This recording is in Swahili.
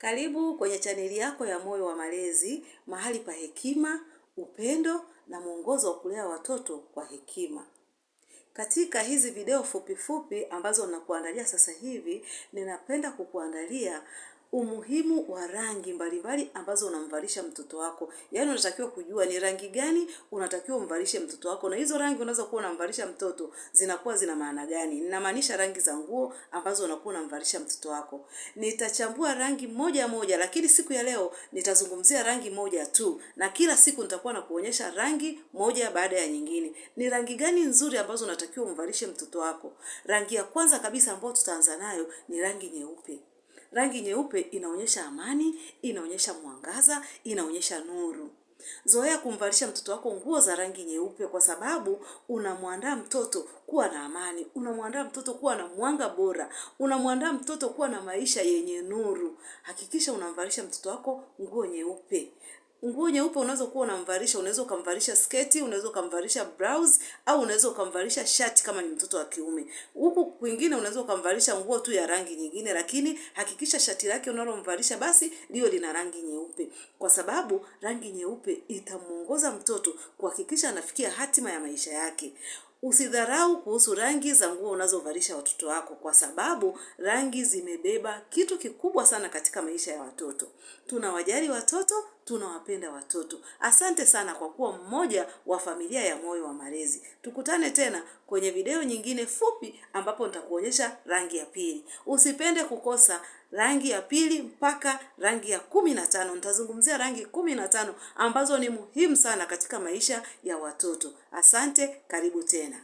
Karibu kwenye chaneli yako ya Moyo wa Malezi, mahali pa hekima, upendo na mwongozo wa kulea watoto kwa hekima. Katika hizi video fupi fupi ambazo nakuandalia sasa hivi, ninapenda kukuandalia umuhimu wa rangi mbalimbali ambazo unamvalisha mtoto wako. Yaani unatakiwa kujua ni rangi gani unatakiwa umvalishe mtoto wako, na hizo rangi unaweza kuwa unamvalisha mtoto zinakuwa zina maana gani. Ninamaanisha rangi za nguo ambazo unakuwa unamvalisha mtoto wako. Nitachambua rangi moja moja, lakini siku ya leo nitazungumzia rangi moja tu, na kila siku nitakuwa na kuonyesha rangi moja baada ya nyingine. Ni rangi gani nzuri ambazo unatakiwa umvalishe mtoto wako? Rangi ya kwanza kabisa ambayo tutaanza nayo ni rangi nyeupe. Rangi nyeupe inaonyesha amani, inaonyesha mwangaza, inaonyesha nuru. Zoea kumvalisha mtoto wako nguo za rangi nyeupe kwa sababu unamwandaa mtoto kuwa na amani, unamwandaa mtoto kuwa na mwanga bora, unamwandaa mtoto kuwa na maisha yenye nuru. Hakikisha unamvalisha mtoto wako nguo nyeupe. Nguo nyeupe unaweza kuwa unamvalisha, unaweza ukamvalisha sketi, unaweza ukamvalisha blouse au unaweza ukamvalisha shati kama ni mtoto wa kiume. Huku kwingine unaweza ukamvalisha nguo tu ya rangi nyingine, lakini hakikisha shati lake unalomvalisha basi liyo lina rangi nyeupe, kwa sababu rangi nyeupe itamuongoza mtoto kuhakikisha anafikia hatima ya maisha yake. Usidharau kuhusu rangi za nguo unazovalisha watoto wako, kwa sababu rangi zimebeba kitu kikubwa sana katika maisha ya watoto. Tunawajali watoto, tunawapenda watoto. Asante sana kwa kuwa mmoja wa familia ya Moyo wa Malezi. Tukutane tena kwenye video nyingine fupi, ambapo nitakuonyesha rangi ya pili. Usipende kukosa rangi ya pili mpaka rangi ya kumi na tano. Nitazungumzia rangi kumi na tano ambazo ni muhimu sana katika maisha ya watoto. Asante, karibu tena.